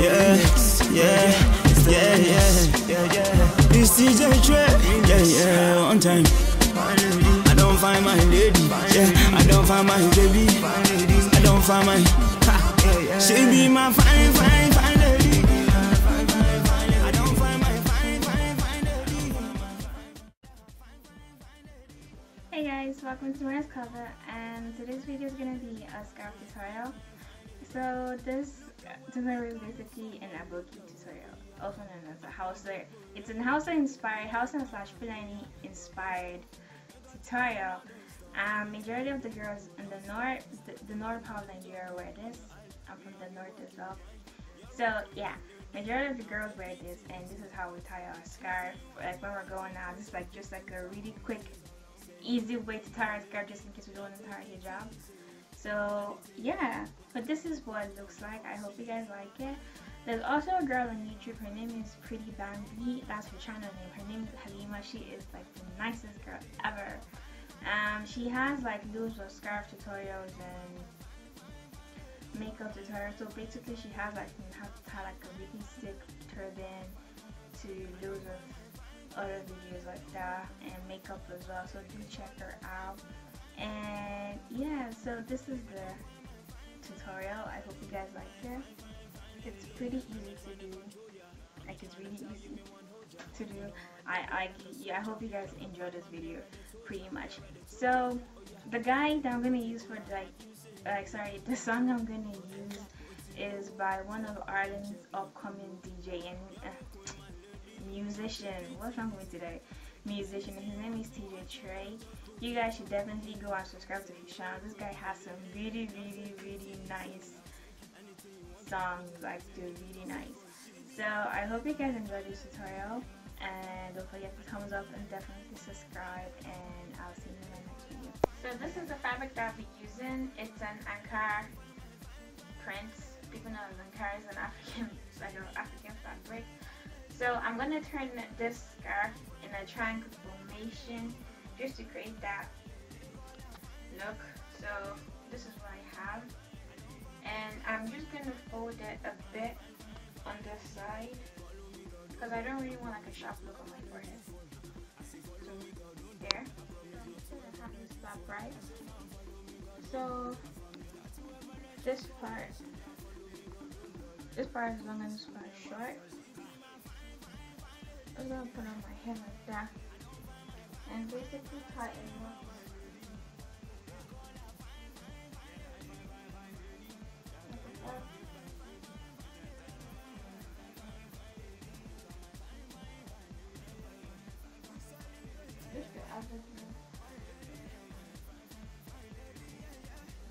yeah, yeah, yeah, yeah, This is a trap, yeah, yeah, one time. I don't find my lady, yeah, I don't find my baby, I don't find my. She be my fine, fine, fine lady. I don't find my fine, fine, fine lady. Hey guys, welcome to my Cover, and today's video is gonna be a scarf tutorial. So this tutorial is basically an aboki tutorial, also known as a Hausa. It's an Hausa inspired, Hausa slash Fulani inspired tutorial. Um, majority of the girls in the north, the, the north part of Nigeria wear this. I'm from the north as well. So yeah, majority of the girls wear this and this is how we tie our scarf. Like when we're going out, this is like just like a really quick, easy way to tie our scarf just in case we don't want to tie our hijab so yeah but this is what it looks like i hope you guys like it there's also a girl on youtube her name is pretty bambi that's her channel name her name is halima she is like the nicest girl ever um, she has like loads of scarf tutorials and makeup tutorials. So basically, she has like how to tie like a really stick turban to loads of other videos like that and makeup as well. So do check her out. And yeah, so this is the tutorial. I hope you guys like it. It's pretty easy to do. Like it's really easy to do. I, I, yeah, I hope you guys enjoy this video pretty much. So the guy that I'm gonna use for like, like uh, sorry, the song I'm gonna use is by one of Ireland's upcoming DJ and uh, musician. What's wrong with me today? musician. His name is TJ Trey. You guys should definitely go and subscribe to his channel. This guy has some really, really, really nice songs. Like, they're really nice. So, I hope you guys enjoyed this tutorial. And don't forget to thumbs up and definitely subscribe. And I'll see you in my next video. So, this is the fabric that I'll be using. It's an Ankara print. People know Ankara is an African, like an African so I'm going to turn this scarf in a triangle formation just to create that look. So this is what I have. And I'm just going to fold it a bit on this side because I don't really want like a sharp look on my forehead. So there. right. So this part, this part is long and this part is short. I'm gonna put on my hair like that and basically tighten up.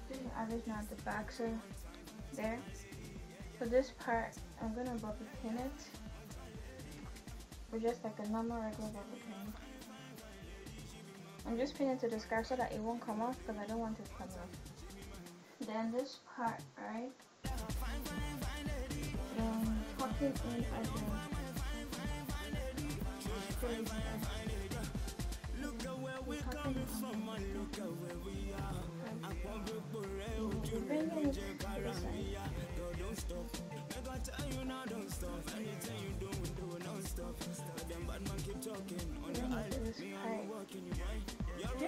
This is not the back boxer there. So this part, I'm gonna probably pin it we just like a normal regular rubber band. I'm just pinning to the scarf so that it won't come off because I don't want it to come off. Then this part, right? Um, tucking in Look at where we are.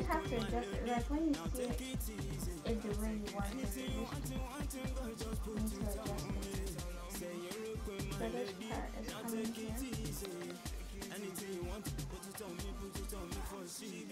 have to adjust it. Like when you see it, it's the way you want it. You need to adjust it. So this part is coming here. Anything you want, put it on me, put it on me for she.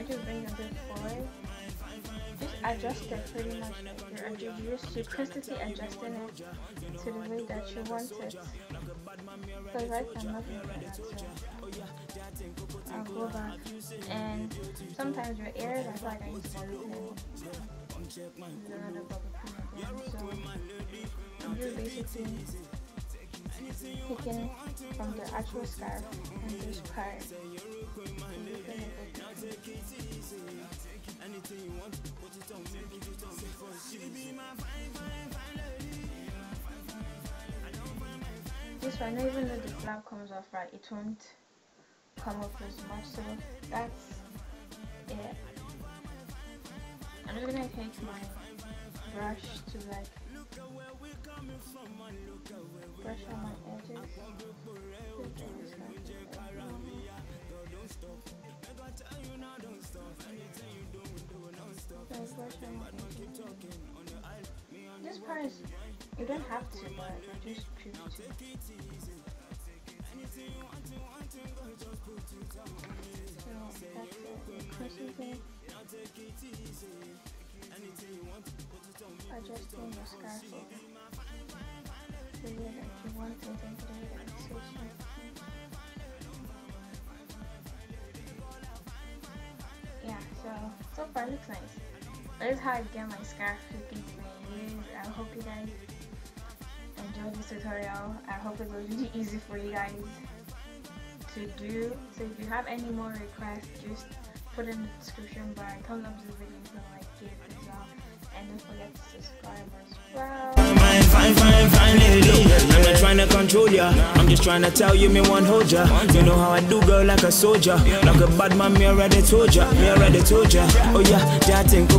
I just bring a good forward. Just adjust it pretty much like you're, you're simplicity adjusting it to the way that you want it. So right I'm not that I'll go back and sometimes your ear are like I need to so, you basically taken from the actual scarf and this part this one even though the flap comes off right it won't come off as much so that's it I'm just gonna take my brush to like brush on my edges. This part is, you don't have to, but I just choose to. Adjusting your scarf the way that you want it and the way Yeah, so so far looks nice. That is how I get my scarf looking to my ears. I hope you guys enjoyed this tutorial. I hope it was really easy for you guys to do. So if you have any more requests, just put in the description bar, thumbs up to the video if you like it as well. And don't forget to subscribe as well. Fine, fine, fine, I'm not trying to control ya. I'm just trying to tell you me one hold ya. You know how I do, girl, like a soldier. Like a bad man, me already told ya. Me already told ya. Oh yeah, that ain't thing.